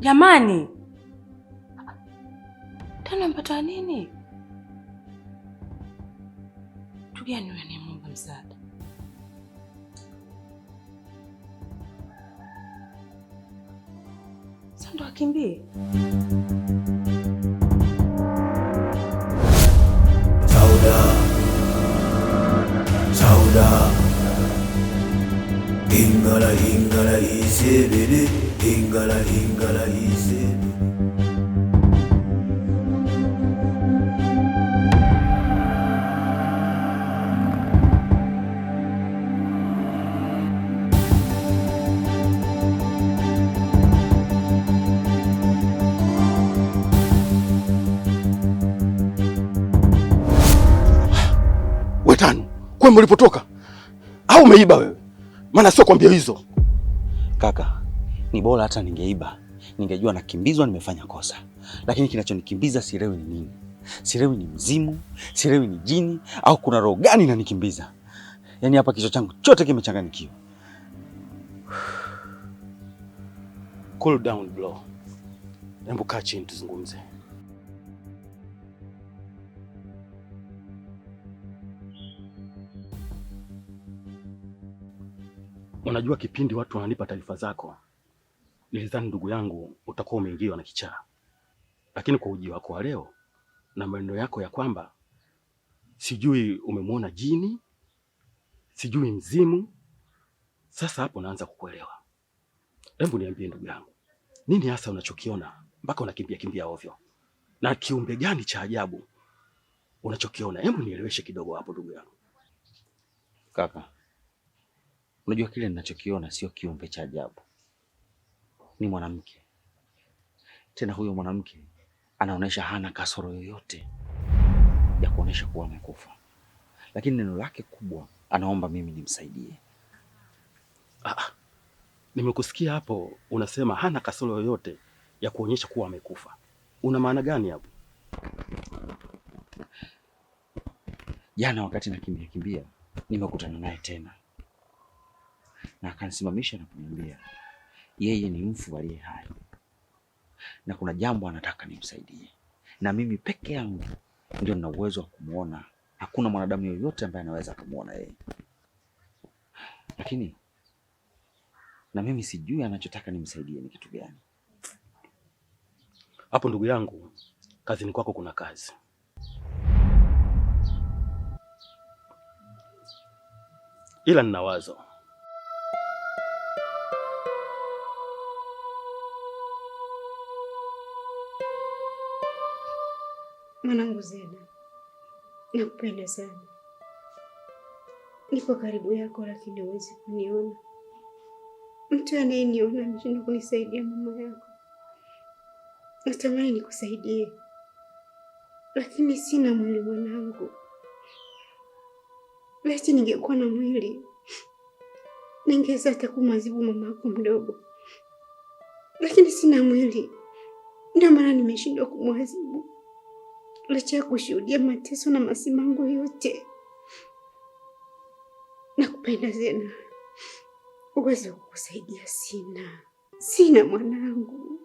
Jamani, tena mpata nini? Tugani wewe ni Mungu msaada. Sando akimbie Sauda, Sauda ingala ingala isebele Hingala hingala hizi Wetano, kwema ulipotoka au umeiba wewe? Maana sio kwambia hizo kaka ni bora hata ningeiba, ningejua nakimbizwa, nimefanya kosa. Lakini kinachonikimbiza sielewi ni nini. Sielewi ni mzimu, sielewi ni jini au kuna roho gani inanikimbiza. Yaani hapa kichwa changu chote kimechanganyikiwa. Cool down bro. Hebu kaa chini tuzungumze. Unajua kipindi watu wananipa taarifa zako Nilidhani ndugu yangu utakuwa umeingiwa na kichaa, lakini kwa uji wako wa leo na maneno yako ya kwamba sijui umemwona jini, sijui mzimu, sasa hapo naanza kukuelewa. Hebu niambie ndugu yangu, nini hasa unachokiona mpaka unakimbia kimbia ovyo, na kiumbe gani cha ajabu unachokiona? Hebu nieleweshe kidogo hapo ndugu yangu. Kaka, unajua kile ninachokiona sio kiumbe cha ajabu ni mwanamke, tena huyo mwanamke anaonyesha hana kasoro yoyote ya kuonyesha kuwa amekufa, lakini neno lake kubwa anaomba mimi nimsaidie. Ah, ah, nimekusikia hapo unasema hana kasoro yoyote ya kuonyesha kuwa amekufa. Una maana gani hapo? Jana wakati nakimbia kimbia, nimekutana naye tena na akanisimamisha na kuniambia yeye ni mfu aliye hai na kuna jambo anataka nimsaidie, na mimi peke yangu ndio nina uwezo wa kumwona. Hakuna mwanadamu yoyote ambaye anaweza kumwona yeye, lakini na mimi sijui anachotaka nimsaidie ni kitu gani. Hapo ndugu yangu, kazini kwako kuna kazi. Ila nina wazo Mwanangu Zena, nakupenda sana. nipo karibu yako, lakini huwezi kuniona. Mtu anayeniona ameshindwa kunisaidia mama yako. Natamani nikusaidie, lakini sina mwili mwanangu. Laiti ningekuwa na mwili, ningeweza hata kumwazibu mama yako mdogo, lakini sina mwili, ndio maana nimeshindwa kumwazibu licha ya kushuhudia mateso na masimango yote, na kupenda uwezo wa kukusaidia sina, sina mwanangu.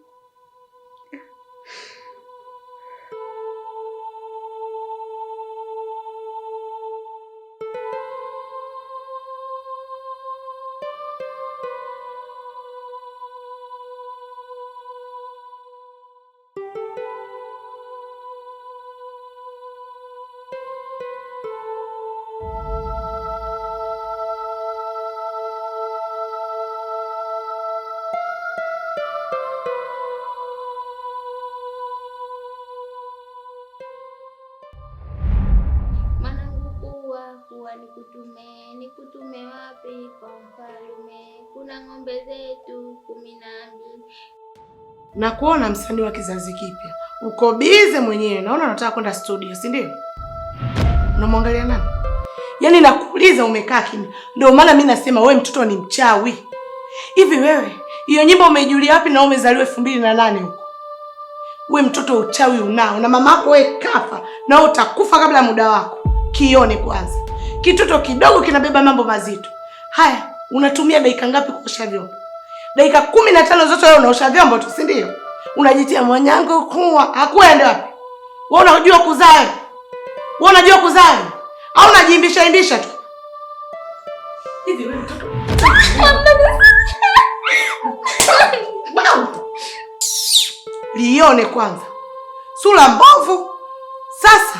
nikutume, nikutume wapi kwa mfalume? Kuna ng'ombe zetu kumi na mbili na kuona msanii wa kizazi kipya uko bize mwenyewe. Naona unataka kwenda studio, si ndio? Unamwangalia nani? Yaani nakuuliza, umekaa kimya. Ndio maana mi nasema we mtoto ni mchawi. Hivi wewe hiyo nyimbo umeijulia wapi? Na umezaliwa elfu mbili na nane huko we mtoto, uchawi unao, na mama yako we kafa, na utakufa kabla ya muda wako. Kione kwanza. Kitoto kidogo kinabeba mambo mazito. Haya, unatumia dakika ngapi kuosha vyombo? Dakika kumi na tano zote wewe unaosha vyombo tu, si ndio? Unajitia mwanyangu kuwa hakuwa wapi? Wewe unajua kuzaa? Wewe unajua kuzaa? Au unajiimbisha indisha tu? Lione kwanza. Sura mbovu. Sasa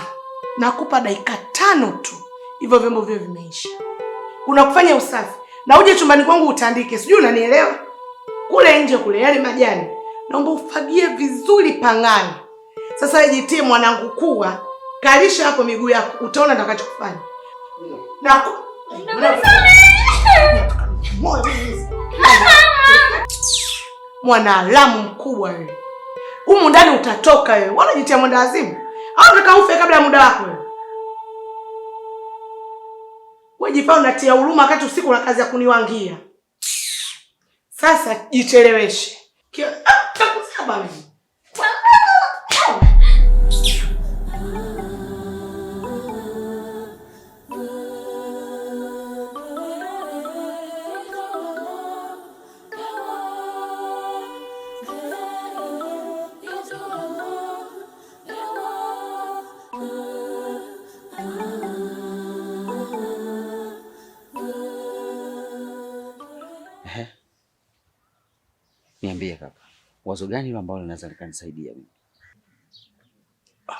nakupa dakika tano tu hivyo vyombo vyo vimeisha. Kuna kufanya usafi na uje chumbani kwangu utandike, sijui unanielewa? Kule nje kule yale majani naomba ufagie vizuri pangani. Sasa jitie mwanangu, kuwa kalisha hapo miguu yako, utaona nitakachokufanya na mwana alamu mkubwa wewe, humu ndani utatoka wewe. Wanajitia mwenda azimu au ufe kabla ya muda wako wewe. Wejifaa unatia huruma wakati usiku na kazi ya kuniwangia. Sasa jicheleweshe. Ah, wazo gani hilo ambalo linaweza likanisaidia mimi?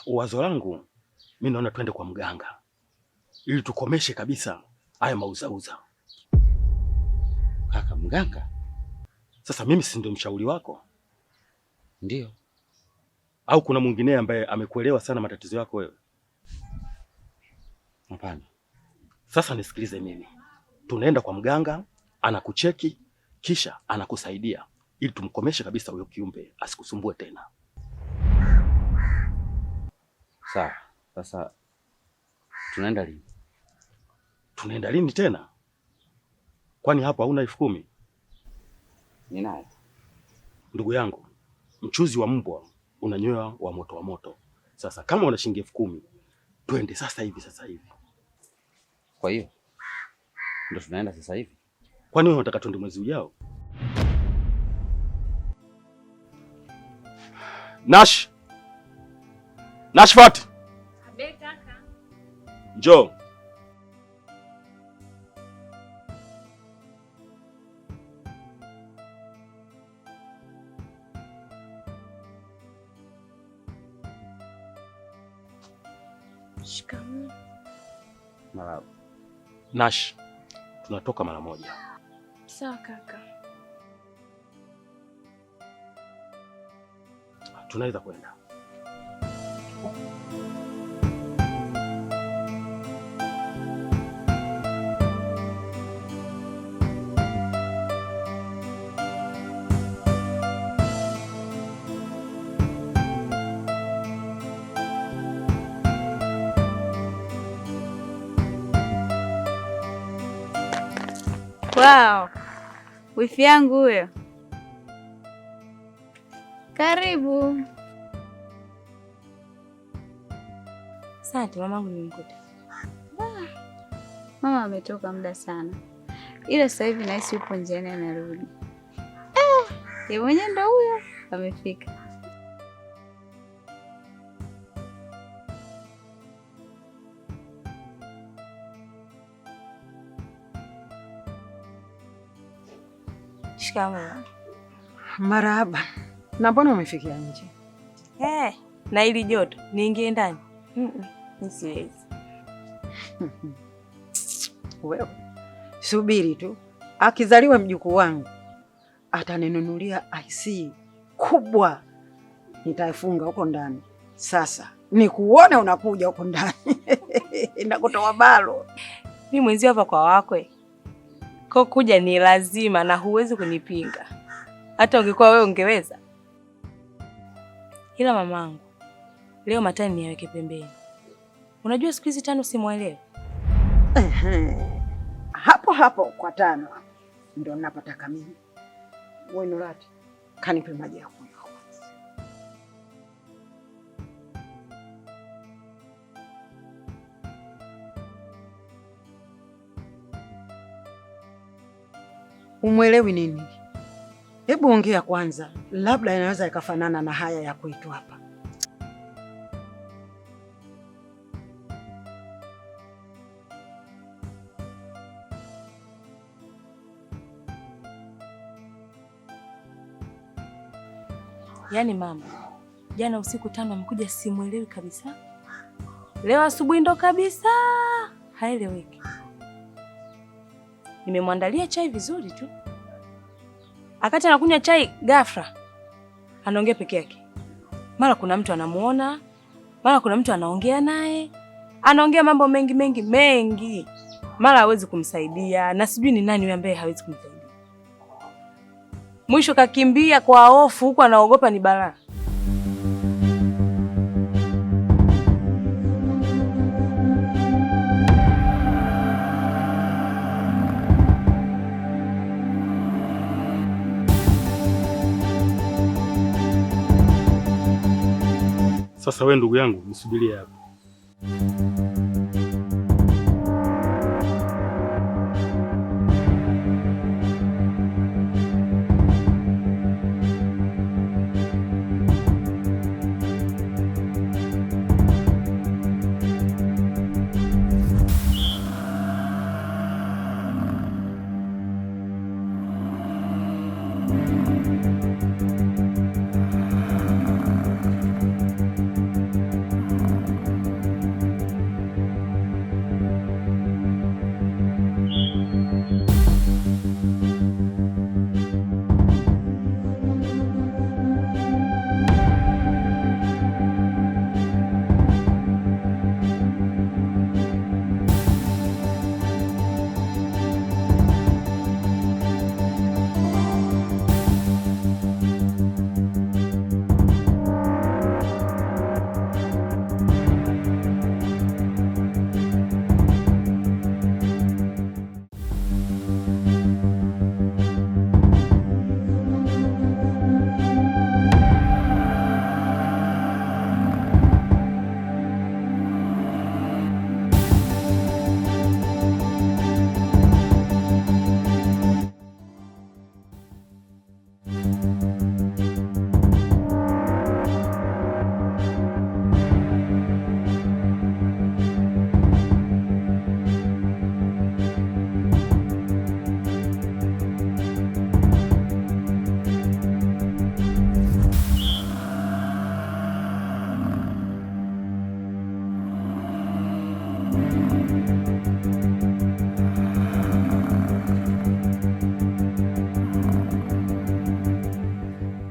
Wazo langu mimi naona twende kwa mganga ili tukomeshe kabisa haya mauzauza. Kaka, mganga? Sasa mimi si ndio mshauri wako? Ndio. Au kuna mwingine ambaye amekuelewa sana matatizo yako wewe? Hapana. Sasa nisikilize mimi, tunaenda kwa mganga, anakucheki kisha anakusaidia ili tumkomeshe kabisa huyo kiumbe asikusumbue tena. Sawa, sasa tunaenda lini? Tunaenda lini tena? Kwani hapo hauna elfu kumi? Ninayo ndugu yangu, mchuzi wa mbwa unanyoa wa moto wa moto. Sasa kama una shilingi elfu kumi, twende sasa hivi, sasa hivi. Kwa hiyo ndio tunaenda sasa hivi. Kwani wewe unataka twende mwezi ujao? Nash. Nashfat. Njoo. Shikamoo. Nash. Tunatoka mara moja. Sawa kaka. tunaweza kwenda. Wow. Wifi yangu huyo. Karibu. Asante mamangu, nimekuta. Mama ametoka muda sana, ila sasa hivi nahisi yupo njiani anarudi. Eh, yeye mwenyewe ndo huyo amefika. Shikamoo. Marahaba. Na mbona umefikia nje? Eh, na ili joto niingie ndani? Mm -mm mi siwezi. subiri tu, akizaliwa mjukuu wangu ataninunulia IC kubwa, nitaifunga huko ndani. Sasa nikuone unakuja huko ndani nakutoa balo mi mwenzio hapa kwa wakwe ko kuja ni lazima, na huwezi kunipinga. Hata ungekuwa wewe ungeweza. Ila mamangu, leo matani niyaweke pembeni, Unajua siku hizi tano simwelewi. Hapo hapo kwa tano ndo napataka mimi. Wewe Nurati, kanipe maji ya kunywa. Umwelewi nini? Hebu ongea kwanza, labda inaweza ikafanana na haya ya kuitwa hapa. Yaani mama, jana usiku tano amekuja, simwelewi kabisa. Leo asubuhi ndo kabisa haeleweki. Nimemwandalia chai vizuri tu, akati anakunywa chai ghafla anaongea peke yake, mara kuna mtu anamuona, mara kuna mtu anaongea naye, anaongea mambo mengi mengi mengi, mara hawezi kumsaidia na sijui ni nani ambaye hawezi kumsaidia mwisho kakimbia kwa hofu, huku anaogopa ni balaa. Sasa we ndugu yangu, nisubirie hapa.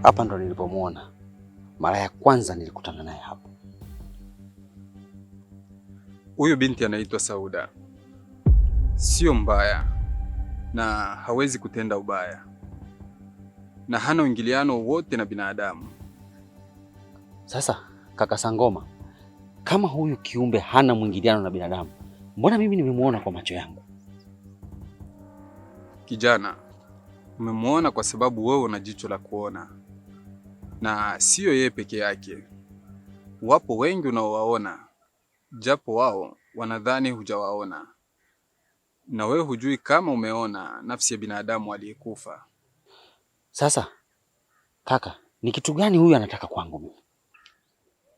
Hapa ndo nilipomwona mara ya kwanza, nilikutana naye hapo. Huyu binti anaitwa Sauda, sio mbaya na hawezi kutenda ubaya na hana uingiliano wote na binadamu. Sasa kaka Sangoma, kama huyu kiumbe hana mwingiliano na binadamu, mbona mimi nimemwona kwa macho yangu? Kijana, umemwona kwa sababu wewe una jicho la kuona na siyo yeye peke yake. Wapo wengi unaowaona, japo wao wanadhani hujawaona, na wewe hujui kama umeona nafsi ya binadamu aliyekufa. Sasa kaka, ni kitu gani huyu anataka kwangu mimi?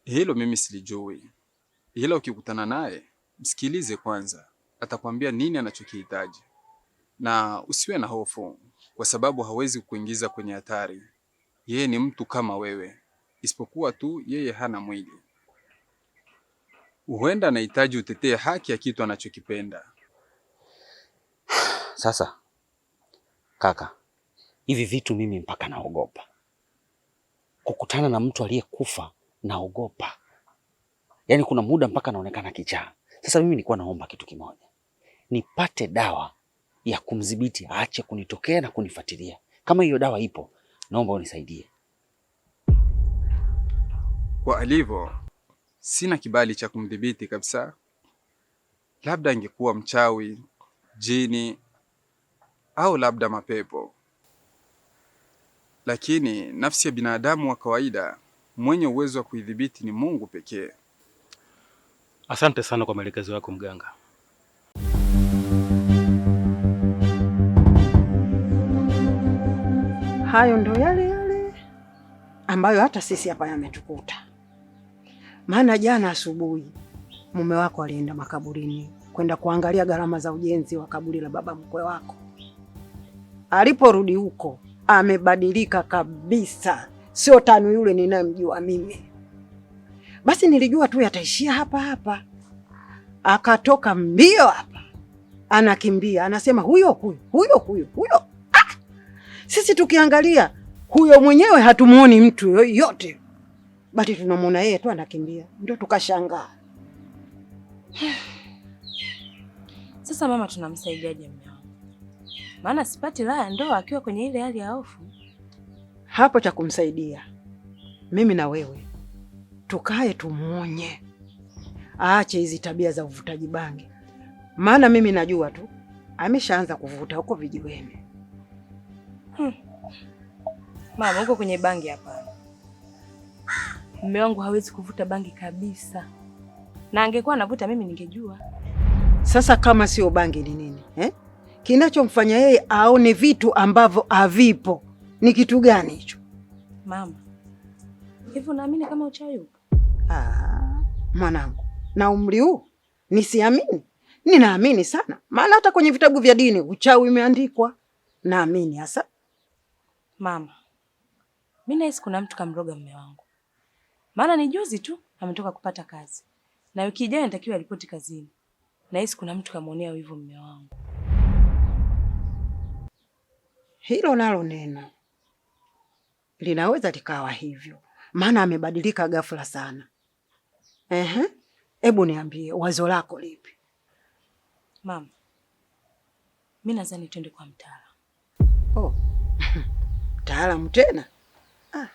Hilo mimi silijui, ila ukikutana naye msikilize kwanza, atakwambia nini anachokihitaji, na usiwe na hofu, kwa sababu hawezi kukuingiza kwenye hatari yeye ni mtu kama wewe, isipokuwa tu yeye hana mwili. Huenda anahitaji utetee haki ya kitu anachokipenda. Sasa kaka, hivi vitu mimi mpaka naogopa kukutana na mtu aliyekufa, naogopa. Yaani kuna muda mpaka naonekana kichaa. Sasa mimi nilikuwa naomba kitu kimoja, nipate dawa ya kumdhibiti aache kunitokea na kunifuatilia. Kama hiyo dawa ipo, naomba unisaidie. Kwa alivyo, sina kibali cha kumdhibiti kabisa. Labda angekuwa mchawi, jini au labda mapepo, lakini nafsi ya binadamu wa kawaida mwenye uwezo wa kuidhibiti ni Mungu pekee. Asante sana kwa maelekezo yako mganga. hayo ndo yale yale ambayo hata sisi hapa yametukuta. Maana jana asubuhi mume wako alienda makaburini kwenda kuangalia gharama za ujenzi wa kaburi la baba mkwe wako. Aliporudi huko amebadilika kabisa, sio tanu yule ninayemjua mimi. Basi nilijua tu yataishia hapa hapa, akatoka mbio hapa, anakimbia anasema, huyo huyo huyo huyo huyo sisi tukiangalia huyo mwenyewe hatumuoni mtu yoyote, bali tunamwona yeye tu anakimbia, ndio tukashangaa. Sasa mama, tunamsaidiaje mume wangu? Maana sipati raha ndoa akiwa kwenye ile hali ya hofu. Hapo cha kumsaidia mimi na wewe tukae, tumuonye aache hizi tabia za uvutaji bangi, maana mimi najua tu ameshaanza kuvuta huko vijiweni. Hmm. Mama, uko kwenye bangi hapa. Mume wangu hawezi kuvuta bangi kabisa, na angekuwa anavuta mimi ningejua. Sasa kama sio bangi ni nini eh? Kinachomfanya yeye aone vitu ambavyo havipo ni kitu gani hicho mama? Hivyo naamini kama uchawi upo. Ah, mwanangu, na umri huu nisiamini? Ninaamini sana, maana hata kwenye vitabu vya dini uchawi umeandikwa. Naamini hasa Mama, mimi nahisi kuna mtu kamroga mume wangu, maana ni juzi tu ametoka kupata kazi na wiki ijayo natakiwa ripoti kazini. Nahisi kuna mtu kamwonea wivu mume wangu. Hilo nalo neno linaweza likawa hivyo, maana amebadilika ghafla sana. Ehe, hebu niambie wazo lako lipi? Mama, mimi nadhani twende kwa mtaalamu. Oh. mtaalamu tena ah.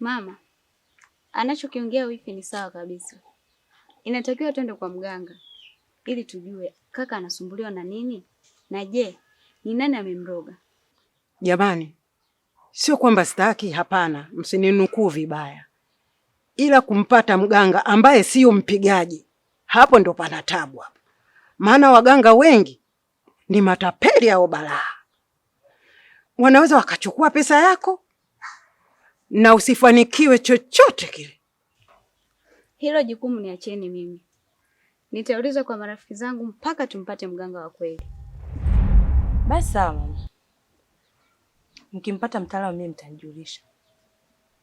Mama anachokiongea wifi ni sawa kabisa, inatakiwa twende kwa mganga ili tujue kaka anasumbuliwa na nini, na je ni nani amemroga? Jamani, sio kwamba sitaki, hapana, msininukuu vibaya, ila kumpata mganga ambaye siyo mpigaji, hapo ndo pana tabu hapo, maana waganga wengi ni matapeli au balaa wanaweza wakachukua pesa yako na usifanikiwe chochote kile. Hilo jukumu niacheni mimi, nitauliza kwa marafiki zangu mpaka tumpate mganga wa kweli. Basi sawa mama, mkimpata mtaalamu mimi mtanijulisha.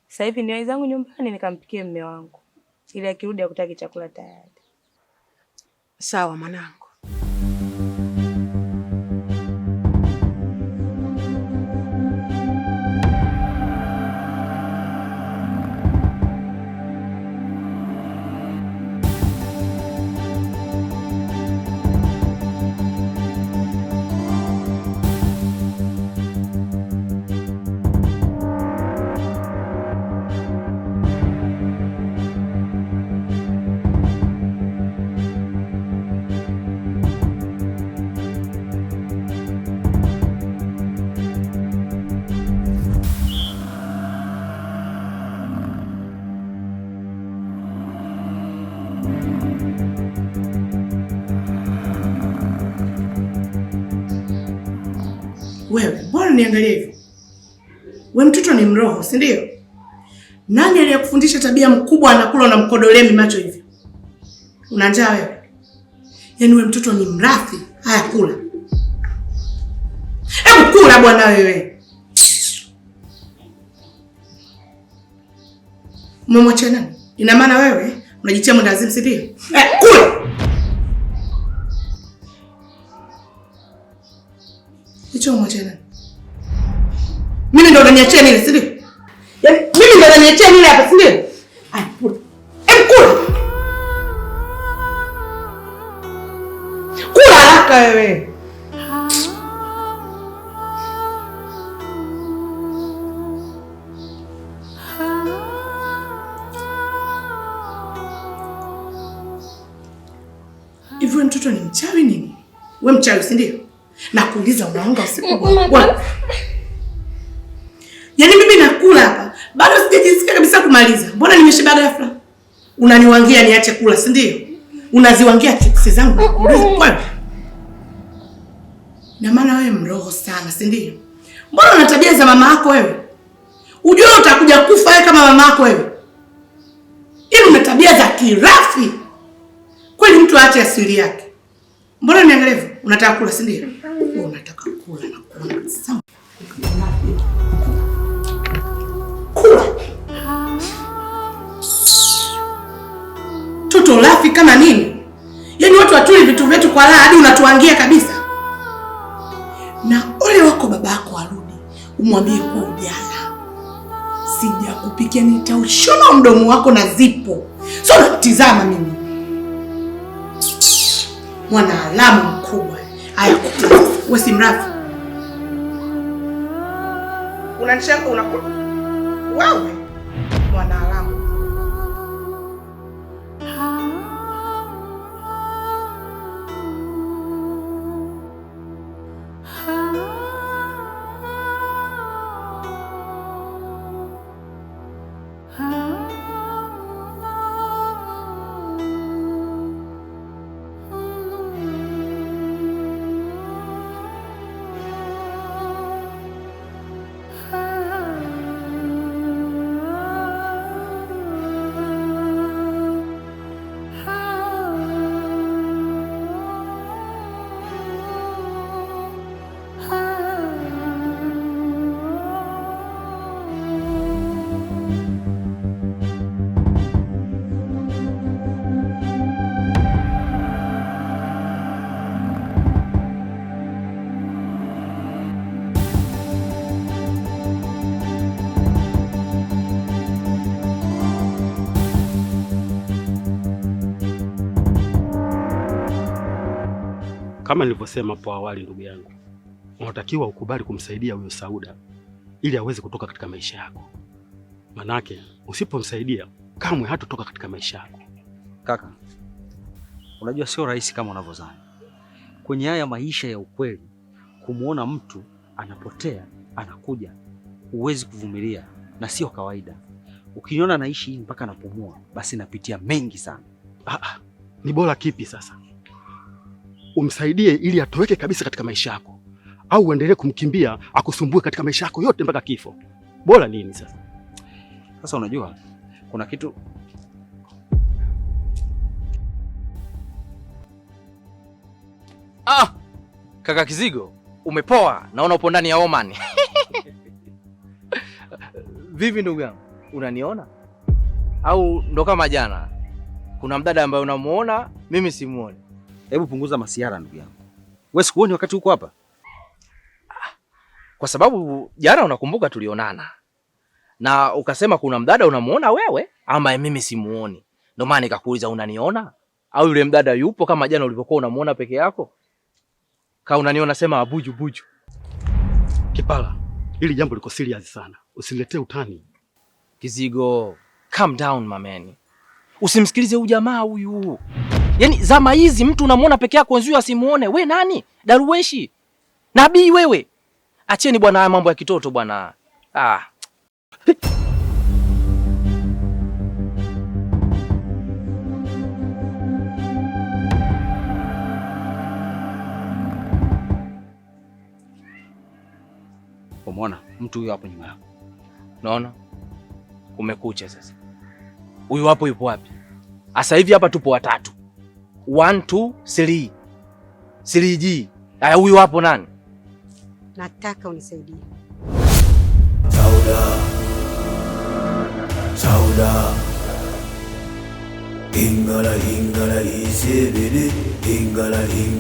Sasa hivi niwai zangu nyumbani nikampikie mme wangu, ili akirudi akutaki chakula tayari. Sawa mwanangu. niangalie hivyo? We mtoto ni mroho, si ndio? Nani aliyekufundisha tabia mkubwa anakula na mkodolemi macho hivyo? Una njaa wewe? Yaani we mtoto ni mrathi. Haya, kula. Hebu kula bwana wewe. Umemwachia nani? Ina maana wewe unajitia mwendawazimu, si ndio? Eh, kula. Hicho umemwachia nani? Mimi ndo unaniachia nini, si ndio? Yaani mimi ndo unaniachia nini hapa, si ndio? Ai, kula. kula. Kula haraka wewe. Hivyo mtoto ni mchawi nini? Wewe mchawi, si ndio? Nakuuliza unaonga usiku. kumaliza, mbona nimeshiba ghafla? Unaniwangia niache kula, si ndio? Unaziwangia chipsi zangu Kwani? na maana wewe mroho sana, si ndio? Mbona una tabia za mama yako wewe? Ujue utakuja kufa wewe kama mama yako wewe. Hivi yaani una tabia za kirafi kweli, mtu aache asili yake. Mbona niangalie, unataka kula si ndio? Unataka kula na kula. Sawa. mtoto lafi kama nini? Yaani watu watuli vitu vyetu kwa raha hadi unatuangia kabisa. Na ole wako babako arudi, umwambie kwa ujana sijakupikia, nitaushona mdomo wako na zipo. So natizama mimi mwana alamu mkubwa. Haya, wewe si mrafu unanishanga, unakula wewe mwana alamu Kama nilivyosema hapo awali, ndugu yangu, unatakiwa ukubali kumsaidia huyo Sauda ili aweze kutoka katika maisha yako, manake usipomsaidia kamwe hatotoka katika maisha yako. Kaka, unajua sio rahisi kama unavyozani kwenye haya maisha ya ukweli. Kumwona mtu anapotea anakuja, huwezi kuvumilia na sio kawaida. Ukiniona naishi mpaka napumua, basi napitia mengi sana. Ah, ah, ni bora kipi sasa umsaidie ili atoweke kabisa katika maisha yako, au uendelee kumkimbia akusumbue katika maisha yako yote mpaka kifo? Bora nini sasa? Sasa unajua kuna kitu ah, kaka Kizigo, umepoa, naona upo ndani ya Oman. Vipi ndugu yangu, unaniona au ndo kama jana kuna mdada ambaye unamuona mimi simuoni? Hebu punguza masiara ndugu yangu. Wewe sikuoni wakati uko hapa? Kwa sababu jana unakumbuka tulionana. Na ukasema kuna mdada unamuona wewe ama mimi simuoni. Ndio maana nikakuuliza unaniona? Au yule mdada yupo kama jana ulivyokuwa unamuona peke yako? Ka unaniona sema abuju buju. Kipala, hili jambo liko serious sana. Usiletee utani. Kizigo, calm down mameni. Usimsikilize huyu jamaa huyu. Yaani zama hizi mtu unamuona peke yako, wenzio asimuone. We nani? Daruweshi nabii wewe? Acheni bwana, haya mambo ya kitoto bwana. Ah. Umeona mtu huyo hapo nyuma yako, unaona umekucha sasa. Huyu hapo yupo wapi? Asa hivi hapa tupo watatu 1 3. 3G. Haya, huyu hapo nani? Nataka unisaidie. Sauda. Sauda. Ingala ingala isebele ingala ingala